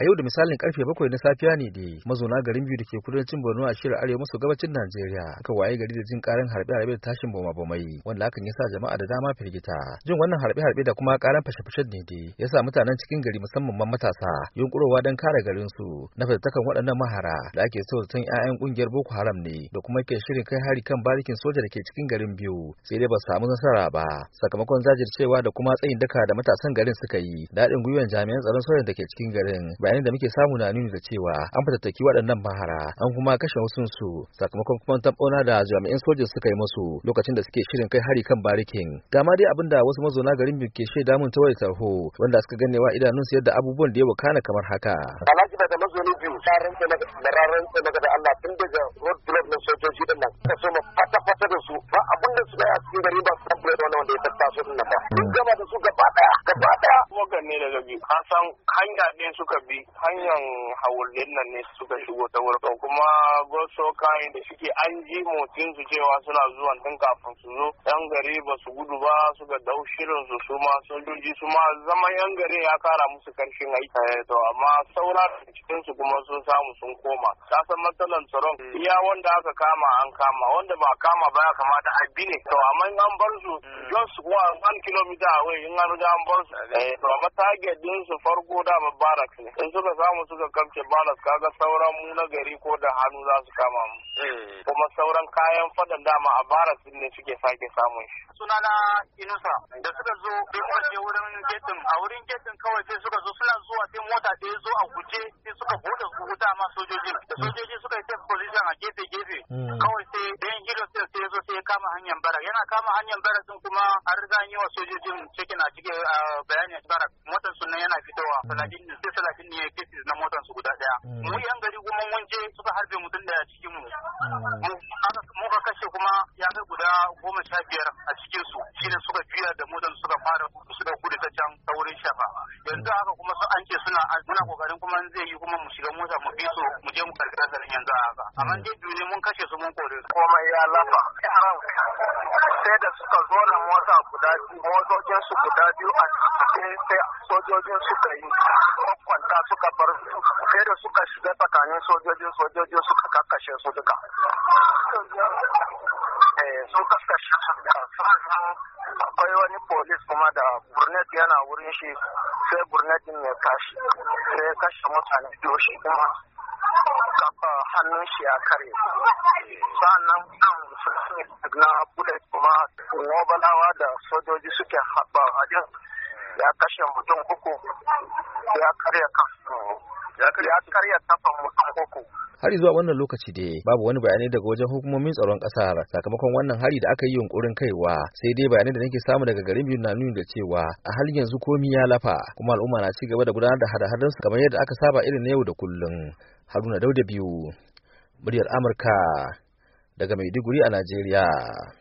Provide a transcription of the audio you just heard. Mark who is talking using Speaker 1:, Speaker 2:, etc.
Speaker 1: a yau da misalin karfe bakwai na safiya ne da mazauna garin biyu da ke kudancin borno a shirin arewa maso gabacin najeriya aka waye gari da jin karin harbe harbe da tashin boma bomai wanda hakan ya sa jama'a da dama firgita jin wannan harbe harbe da kuma karan fashe fashe ne da ya sa mutanen cikin gari musamman man matasa yunkurowa don kare garin su na fitattakan waɗannan mahara da ake so tun 'ya'yan kungiyar boko haram ne da kuma ke shirin kai hari kan barikin soja da ke cikin garin biyu sai dai ba su samu nasara ba sakamakon zajircewa da kuma tsayin daka da matasan garin suka yi daɗin gwiwan jami'an tsaron soja da ke cikin garin bayanan da muke samu na nuni da cewa an fatattaki waɗannan mahara an kuma kashe wasu su sakamakon kuma bauna da jami'an soja suka yi musu lokacin da suke shirin kai hari kan barikin ga ma dai abin da wasu mazauna garin biyu ke shaida mun ta wayar tarho wanda suka gane wa idanunsu yadda abubuwan da yawa wakana kamar haka alhaji da mazauni biyu ta rantsa da rantsa da Allah tun daga
Speaker 2: road block na sojoji din nan
Speaker 3: suka ka san hanya ɗin suka bi hanyar hawullin nan ne suka shigo ta wurin kuma goso kai da suke an ji motin su cewa suna zuwa tun kafin su zo yan gari ba su gudu ba suka dau shirin su su ma sojoji su ma zaman yan gari ya kara musu karshen aiki eh, to amma saura cikin su kuma sun samu sun koma ka san matsalan tsaron iya wanda aka kama an kama wanda ba kama ba ya kamata a bi ne to amma in an bar su mm. just one kilometer away in an riga an bar su eh, to amma ta target dinsu su farko dama barak ne in suka samu suka kamce balas kaga sauran mu na gari ko da hannu za su kama mu eh. kuma sauran kayan fadan dama a barak ne suke sake samun shi
Speaker 4: sunana inusa da suka zo sun wurin getin a wurin getin kawai sai suka zo suna zuwa sai mota ɗaya zo a guje sai suka bude wuta ma sojoji da hmm. sojoji suka yi take position a gefe gefe hmm. kawai sai dan hero sai sai zo sai kama hanyar barak yana kama hanyar barak kuma a riga an yi wa sojojin cikin a cikin bayanin barak motar su nan yana fitowa mm. salatin ne sai salatin ne ya kesi na motar su guda daya mm. mu yan gari kuma mun je suka harbe mutum da cikin mu
Speaker 2: mm. suka kashe kuma ya kai guda goma sha biyar a cikin su
Speaker 4: shine suka juya da motar suka fara suka gudu ta can ta wurin shafa yanzu haka kuma su an ce suna muna kokarin kuma zai yi kuma mu shiga mota mu bi su mu je mu karkata sanin yanzu haka amma hmm. dai duni mun kashe su mun
Speaker 2: kore su komai ya lafa sai da suka zo da mota guda biyu motocin su guda biyu a cikin sai sojojin suka yi kwanta suka bar su sai da suka shiga tsakanin sojojin sojojin suka kakkashe su duka Eh, sun da akwai wani polis kuma da burnet yana wurin shi sai burnet din ya kashi sai kashe mutane biyu shi kuma kafa hannun shi a kare sannan kan musulmi na bullet kuma nobalawa da sojoji suke haɓa a ya kashe mutum uku ya karya ka. ya
Speaker 1: har zuwa wannan lokaci dai babu wani bayani daga wajen hukumomin tsaron kasar sakamakon wannan hari da aka yi yunkurin kaiwa sai dai bayanai da nake samu daga garin biyu na nuni da cewa a halin yanzu komi ya lafa kuma al'umma na ci gaba da gudanar da hada hadan su kamar yadda aka saba irin na yau da kullum haruna dauda biyu muryar amurka daga maiduguri a najeriya